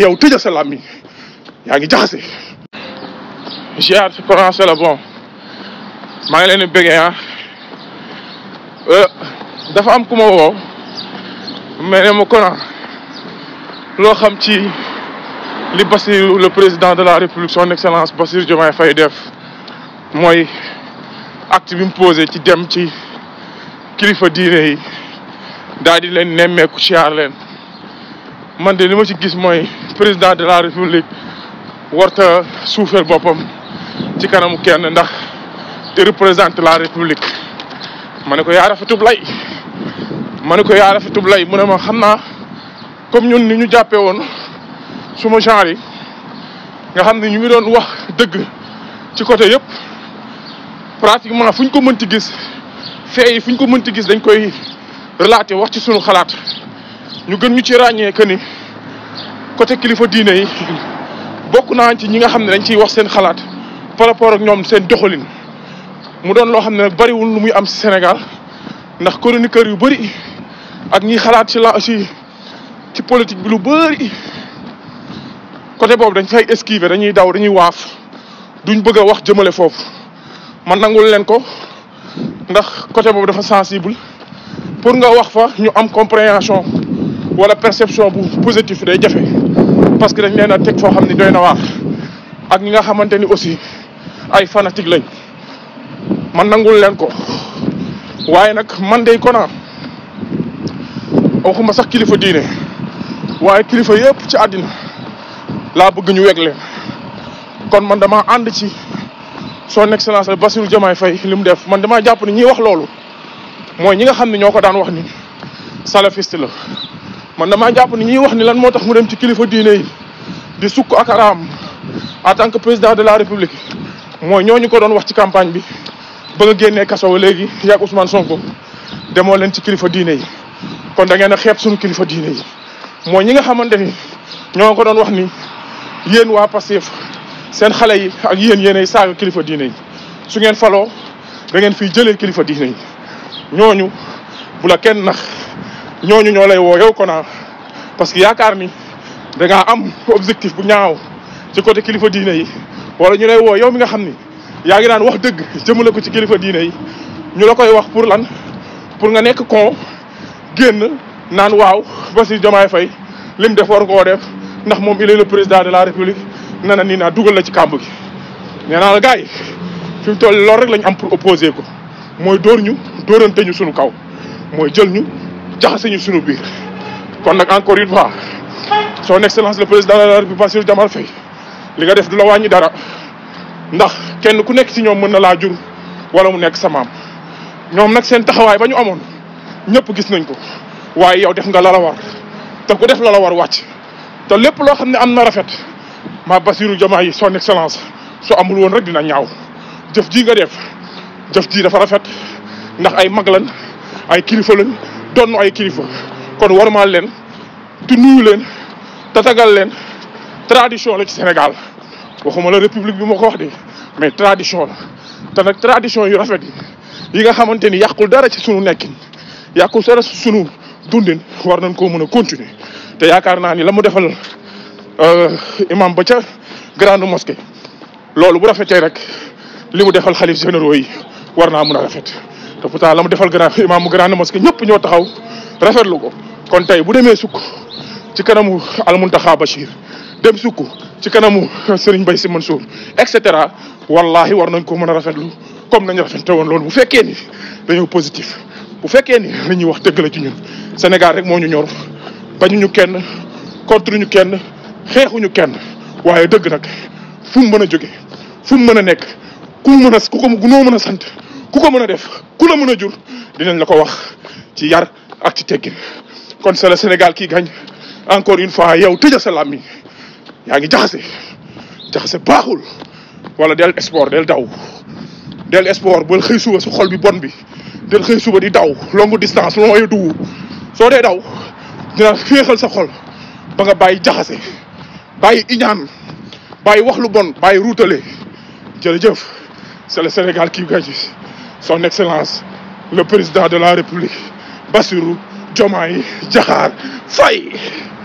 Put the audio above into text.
yow tëja sa làmmiñ yaa ngi jaxase. ziar si français la bon maa ngi leen di bëggee ah euh, dafa am ku ma woo mais ne ma Kona ah. loo xam ci li Bassirou le président de la république son excellence Bassirou Diomaye Faye def mooy acte bi ci dem ci kilifa diine yi daal di leen nemmeeku ziar leen man de li ma ci gis mooy. président de la république warta suufeel boppam ci kanamu kenn ndax di représente la république ma ne ko yaa rafetub lay ma ne ko yaa rafetub lay mu ne ma xam naa comme ñun ni ñu jàppee woon suma genre yi nga xam ne ñu ngi doon wax dëgg ci côté yëpp pratiquement fu ñu ko mënti gis fee yi fu ñu ko mënti gis dañ koy relater wax ci sunu xalaat ñu gën ñu ci ràññee que ni côté kilifa diine yi bokk naa ci ñi nga xam ne dañ ciy wax seen xalaat par rapport ak ñoom seen doxalin mu doon loo xam ne bariwul lu muy am si Sénégal ndax kër yu bëri ak ñiy xalaat ci la ci ci politique bi lu bari côté boobu dañ fay esquiver dañuy daw dañuy waaf duñ bëgg a wax jëmale foofu man nangul leen ko ndax côté boobu dafa sensible pour nga wax fa ñu am compréhension wala perception bu positif day jafe parce que dañ leen a teg foo xam ne doy na waar ak ñi nga xamante ni aussi ay fanatique lañ man nangul leen ko waaye nag man day konaa waxuma sax kilifa diine waaye kilifa yëpp ci àddina laa bëgg ñu weg leen kon man dama ànd ci son excellence la Bassirou Diomaye Faye li mu def man dama jàpp ni ñiy wax loolu mooy ñi nga xam ne ñoo ko daan wax ni salafiste la man dama japp ni ñi wax ni lan motax mu dem ci kilifa diine yi di sukk ak araam en tant que président de la république moy ñoñu ko doon wax ci campagne bi bëgg a génnee kaso léegi yaag Ousmane Sonko demo len ci kilifa diine yi kon da ngeen a suñu kilifa diine yi moy ñi nga xamanteni ni ñoo ko doon wax ni yeen wa passif seen xalé yi ak yeen yéenay saga kilifa diine yi su ngeen falo da ngeen fi jëlé kilifa diine yi ñoñu bu la kenn nax ñooñu ñoo lay woo yow Kona ah, parce que yaakaar ni da ngaa am objectif bu ñaaw ci côté kilifa diine yi wala ñu lay woo yow mi nga xam ni yaa ngi naan wax dëgg jëmale ko ci kilifa diine yi ñu la koy wax pour lan pour nga nekk ko génn naan waaw Bassirou Diomaye Faye lim def war koo def ndax moom il est le président de la république nee na nii naa dugal la ci kàmb gi. nee naa la gars yi fi mu toll loolu rek lañ am pour opposer ko mooy dóor ñu dóorante ñu sunu kaw mooy jël ñu. jaxase ñu suñu biir kon nak encore une fois son excellence le président de la république Bassirou jamal fay li nga def dula la dara ndax kenn ku nekk ci ñom mëna na jur wala mu nekk sa mam ñom nak seen taxaway bañu ñu ñepp gis nañ ko waye yow def nga la la war te ku def la la war wacc te lepp lo xam am na rafet ma Bassirou jamal yi son excellence So amul won rek dina ñaaw def ji nga def def ji dafa rafet ndax ay maglan ay kilifa lañ doon ay kilifa kon warmal len te nuyu len tatagal len tradition la ci Sénégal waxuma la république bi ma wax de mais tradition la te nag tradition yu rafet yi nga xamanteni yakul dara ci sunu nekkin yakul dara ci sunu dundin war nañ ko mën continuer te yaakaar na ni lamu defal euh imam ba ca grande mosquée loolu bu rafetee rek li mu defal xalif généraux yi war naa mën a rafet te pourtant la mu defal grand imaamu grande mosquée ñëpp ñoo taxaw rafetlu ko kon tey bu demee sukk ci kanamu almuntaxa Bachir dem sukk ci kanamu Serigne Mbaye Sy Mansour et cetera wallahi war nañ koo mën a rafetlu comme nañ rafetlu woon loolu bu fekkee ni dañoo positif bu fekkee ni li ñuy wax dëgg la ci ñun Sénégal rek moo ñu ñor bañuñu kenn contre ñu kenn xeexuñu kenn waaye dëgg nag fu mu mën a jóge fu mu mën a nekk ku mu mën a ku ko gunóo mën a sant ku ko mën a def ku la mën a jur dinañ la ko wax ci yar ak ci teggin kon c'est le Sénégal qui gagne encore une fois yow a sa làmmiñ yaa ngi jaxase jaxase baaxul walla del sport del daw del sport bal xëy suba su xol bi bon bi del xëy suba di daw longue distance loo ay duwu soo dee daw dina féexal sa xol ba nga bàyyi jaxase bàyyi iñaan bàyyi wax lu bon bàyyi ruutale jërëjëf c'est le Sénégal qui gagne son excellence le président de la république Bassirou Diomaye Jahar Faye